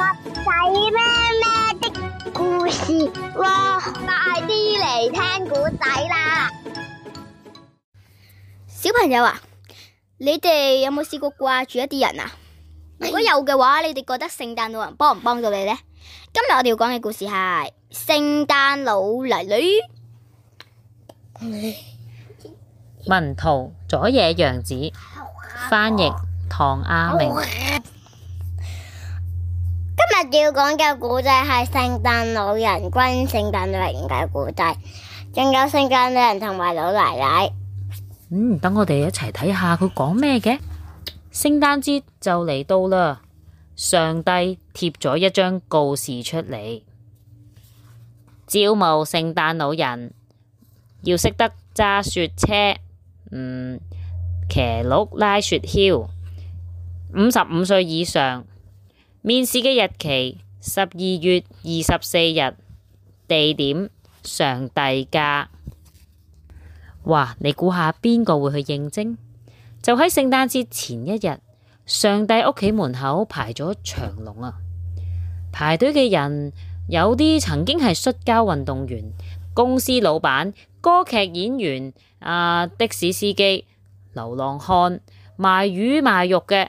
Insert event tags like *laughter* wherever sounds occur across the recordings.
仔咩咩的故事喎，快啲嚟聽古仔啦！小朋友啊，你哋有冇試過掛住一啲人啊？如果有嘅話，你哋覺得聖誕老人幫唔幫到你呢？今日我哋要講嘅故事係聖誕老奶奶。文圖佐野洋子，翻譯唐亞明。今日要講嘅古仔係聖誕老人跟聖誕老人嘅古仔，仲有聖誕老人同埋老奶奶。嗯，等我哋一齊睇下佢講咩嘅。聖誕節就嚟到啦，上帝貼咗一張告示出嚟，招募聖誕老人，要識得揸雪車，嗯，騎鹿拉雪橇，五十五歲以上。面試嘅日期十二月二十四日，地點上帝家。哇，你估下邊個會去應徵？就喺聖誕節前一日，上帝屋企門口排咗長龍啊！排隊嘅人有啲曾經係摔跤運動員、公司老闆、歌劇演員、啊的士司機、流浪漢、賣魚賣肉嘅。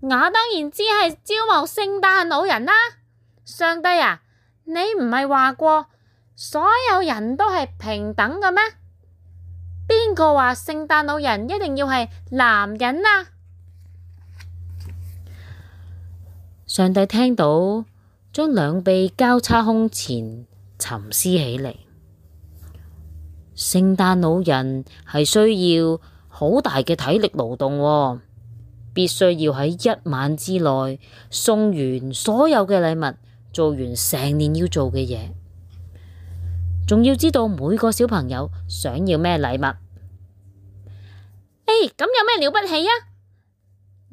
我當然知係招募聖誕老人啦、啊！上帝啊，你唔係話過所有人都係平等嘅咩？邊個話聖誕老人一定要係男人啊？上帝聽到，將兩臂交叉胸前沉思起嚟。聖誕老人係需要好大嘅體力勞動喎。必須要喺一晚之內送完所有嘅禮物，做完成年要做嘅嘢，仲要知道每個小朋友想要咩禮物。誒、欸，咁有咩了不起啊？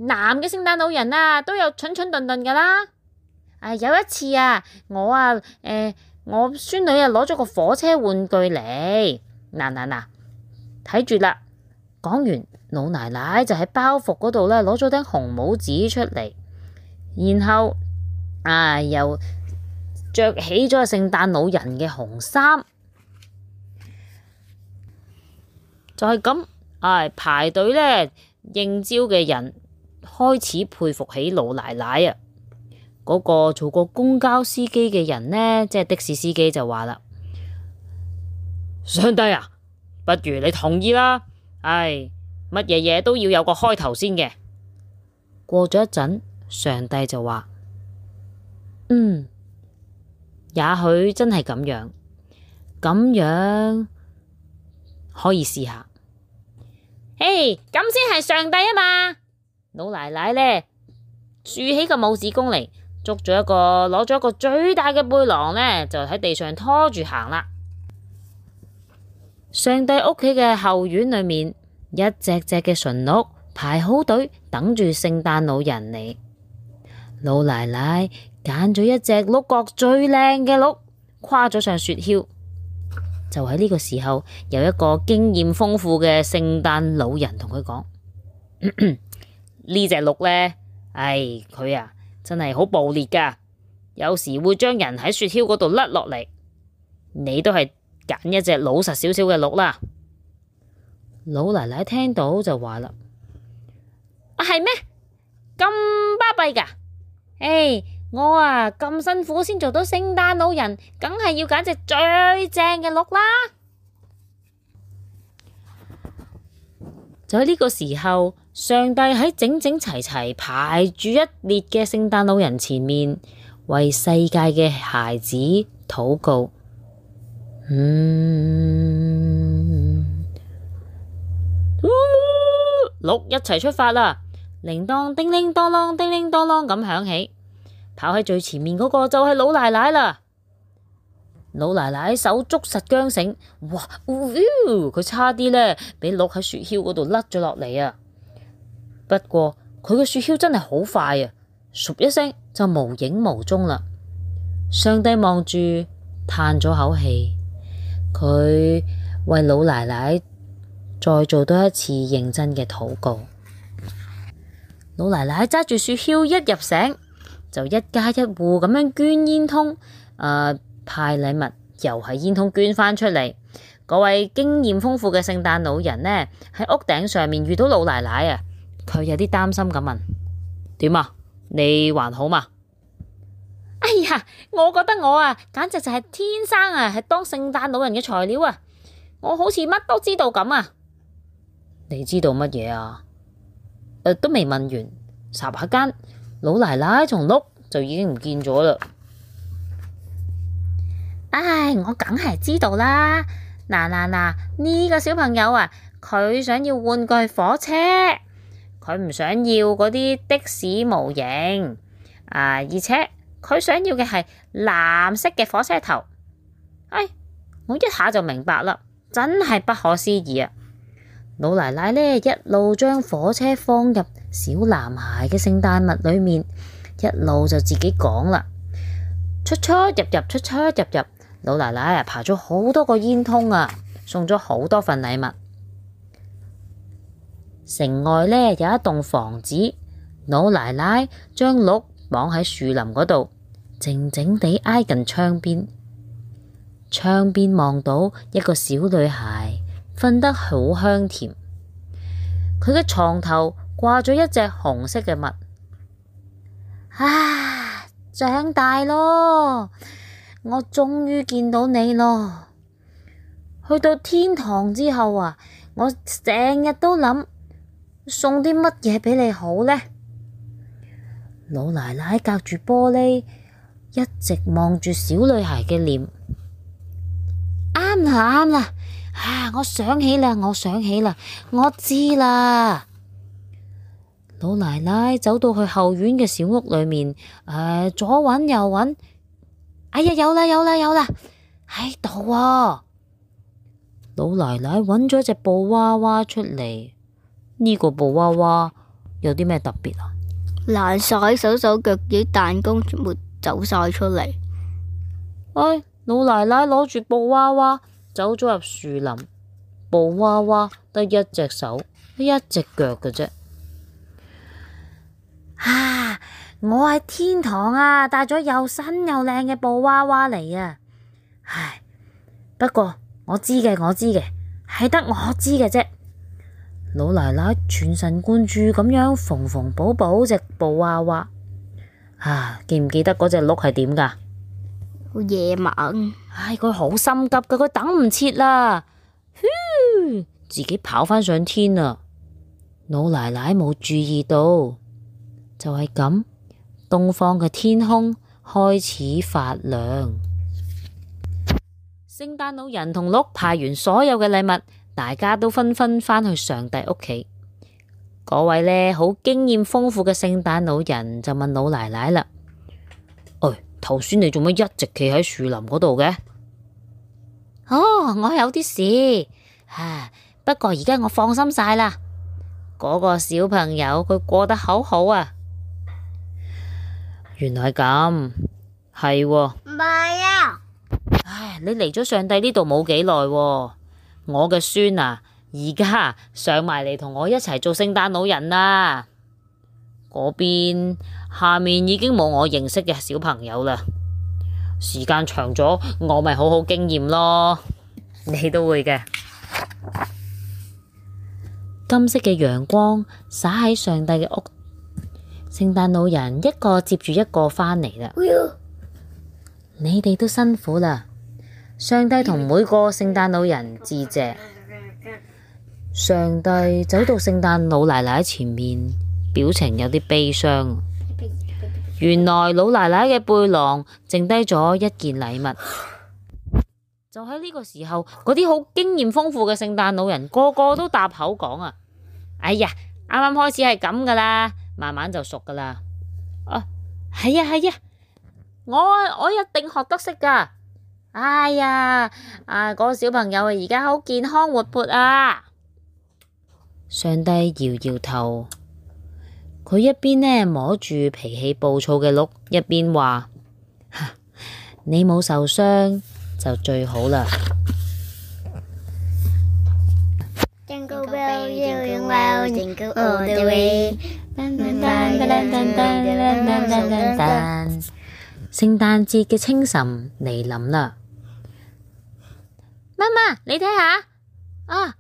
男嘅聖誕老人啊，都有蠢蠢頓頓㗎啦、啊。有一次啊，我啊，呃、我孫女啊，攞咗個火車玩具嚟，嗱嗱嗱，睇住啦。啊講完，老奶奶就喺包袱嗰度呢，攞咗頂紅帽子出嚟，然後啊，又着起咗聖誕老人嘅紅衫，就係咁啊！排隊呢，應招嘅人開始佩服起老奶奶啊！嗰個做過公交司機嘅人呢，即係的士司機就話啦：上帝啊，不如你同意啦！唉，乜嘢嘢都要有個開頭先嘅。過咗一陣，上帝就話：嗯，也許真係咁樣，咁樣可以試下。嘿，咁先係上帝啊嘛！老奶奶呢，豎起個拇指公嚟，捉咗一個，攞咗一個最大嘅背囊呢，就喺地上拖住行啦。上帝屋企嘅後院裏面，一隻隻嘅馴鹿排好隊等住聖誕老人嚟。老奶奶揀咗一隻鹿角最靚嘅鹿，跨咗上雪橇。就喺呢個時候，有一個經驗豐富嘅聖誕老人同佢講：呢隻咳咳鹿呢？唉、哎，佢啊真係好暴烈㗎，有時會將人喺雪橇嗰度甩落嚟。你都係。揀一隻老實少少嘅鹿啦，老奶奶聽到就話啦：啊，係咩咁巴閉噶？誒，hey, 我啊，咁辛苦先做到聖誕老人，梗係要揀隻最正嘅鹿啦。就喺呢個時候，上帝喺整整齊齊排住一列嘅聖誕老人前面，為世界嘅孩子禱告。五 m 六、um 哦、一齊出發啦！鈴鐺叮叮噹啷，叮噹叮噹啷咁響起。跑喺最前面嗰個就係老奶奶啦。老奶奶手捉實韁繩，哇！佢差啲呢，俾鹿喺雪橇嗰度甩咗落嚟啊！不過佢嘅雪橇真係好快啊！唰一聲就無影無蹤啦。上帝望住嘆咗口氣。佢為老奶奶再做多一次認真嘅禱告。老奶奶揸住雪橇一入城，就一家一戶咁樣捐煙通，誒、呃、派禮物，又係煙通捐返出嚟。嗰位經驗豐富嘅聖誕老人呢，喺屋頂上面遇到老奶奶啊，佢有啲擔心咁問：點啊？你還好嘛？我覺得我啊，簡直就係天生啊，係當聖誕老人嘅材料啊。我好似乜都知道咁啊。你知道乜嘢啊？呃、都未問完，霎下間老奶奶同碌就已經唔見咗啦。唉，我梗係知道啦。嗱嗱嗱，呢、這個小朋友啊，佢想要玩具火車，佢唔想要嗰啲的士模型啊，而且。佢想要嘅係藍色嘅火車頭。哎，我一下就明白啦，真係不可思議啊！老奶奶呢一路將火車放入小男孩嘅聖誕物裏面，一路就自己講啦：出出入入，出出入入。老奶奶啊爬咗好多個煙囪啊，送咗好多份禮物。城外呢有一棟房子，老奶奶將鹿綁喺樹林嗰度。靜靜地挨近窗邊，窗邊望到一個小女孩瞓得好香甜。佢嘅床頭掛咗一隻紅色嘅襪。啊，長大咯！我終於見到你咯！去到天堂之後啊，我成日都諗送啲乜嘢俾你好呢？老奶奶隔住玻璃。一直望住小女孩嘅臉，啱啦，啱啦啊！我想起啦，我想起啦，我知啦。老奶奶走到去後院嘅小屋裏面，誒、呃，左揾右揾，哎呀，有啦有啦有啦喺度。啊、老奶奶揾咗隻布娃娃出嚟。呢、這個布娃娃有啲咩特別啊？爛晒手手腳腳彈弓走晒出嚟，唉、哎，老奶奶攞住布娃娃走咗入樹林。布娃娃得一隻手，得一隻腳嘅啫。啊，我喺天堂啊，帶咗又新又靚嘅布娃娃嚟啊！唉，不過我知嘅，我知嘅，係得我知嘅啫。老奶奶全神貫注咁樣縫縫補補隻布娃娃。啊，記唔記得嗰隻鹿係點噶？好野蠻，唉、哎，佢好心急噶，佢等唔切啦， *laughs* 自己跑翻上天啦。老奶奶冇注意到，就係、是、咁，東方嘅天空開始發亮。聖誕 *laughs* 老人同鹿派完所有嘅禮物，大家都紛紛返去上帝屋企。嗰位呢好經驗豐富嘅聖誕老人就問老奶奶啦：唉、哎，頭先你做乜一直企喺樹林嗰度嘅？哦，我有啲事吓、啊，不過而家我放心晒啦。嗰個小朋友佢過得好好啊，原來係咁，係唔係啊？哎呀，唉，你嚟咗上帝呢度冇幾耐，我嘅孫啊！而家上埋嚟同我一齊做聖誕老人啦！嗰邊下面已經冇我認識嘅小朋友啦。時間長咗，我咪好好經驗咯。你都會嘅。金色嘅陽光灑喺上帝嘅屋。聖誕老人一個接住一個返嚟啦。呃、你哋都辛苦啦。上帝同每個聖誕老人致謝。上帝走到聖誕老奶奶前面，表情有啲悲傷。原來老奶奶嘅背囊剩低咗一件禮物。就喺呢個時候，嗰啲好經驗豐富嘅聖誕老人個個都搭口講啊：哎呀，啱啱開始係咁噶啦，慢慢就熟噶啦。哦，啊，係呀係呀，我我一定學得識噶。哎呀，啊嗰個小朋友啊，而家好健康活潑啊！上帝搖搖頭，佢一邊呢摸住脾氣暴躁嘅鹿，一邊話：你冇受傷就最好啦。聖誕節嘅清晨嚟臨啦，媽媽，你睇下啊，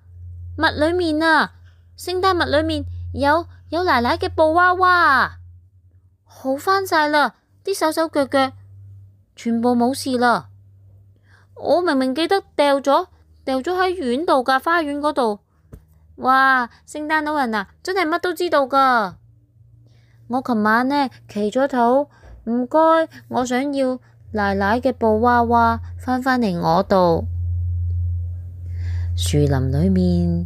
襪裏面啊。聖誕物裏面有，有奶奶嘅布娃娃好翻晒啦！啲手手腳腳全部冇事啦。我明明記得掉咗，掉咗喺院度噶花園嗰度。哇！聖誕老人啊，真係乜都知道噶。我琴晚呢祈咗禱，唔該，我想要奶奶嘅布娃娃返返嚟我度。樹林裏面。